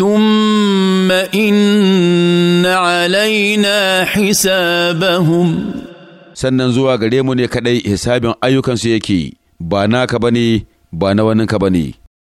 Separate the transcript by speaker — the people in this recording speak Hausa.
Speaker 1: ثم إن علينا حسابهم sannan zuwa gare mu ne kaɗai hisabin ayyukansu yake
Speaker 2: ba naka bane ba na waninka bane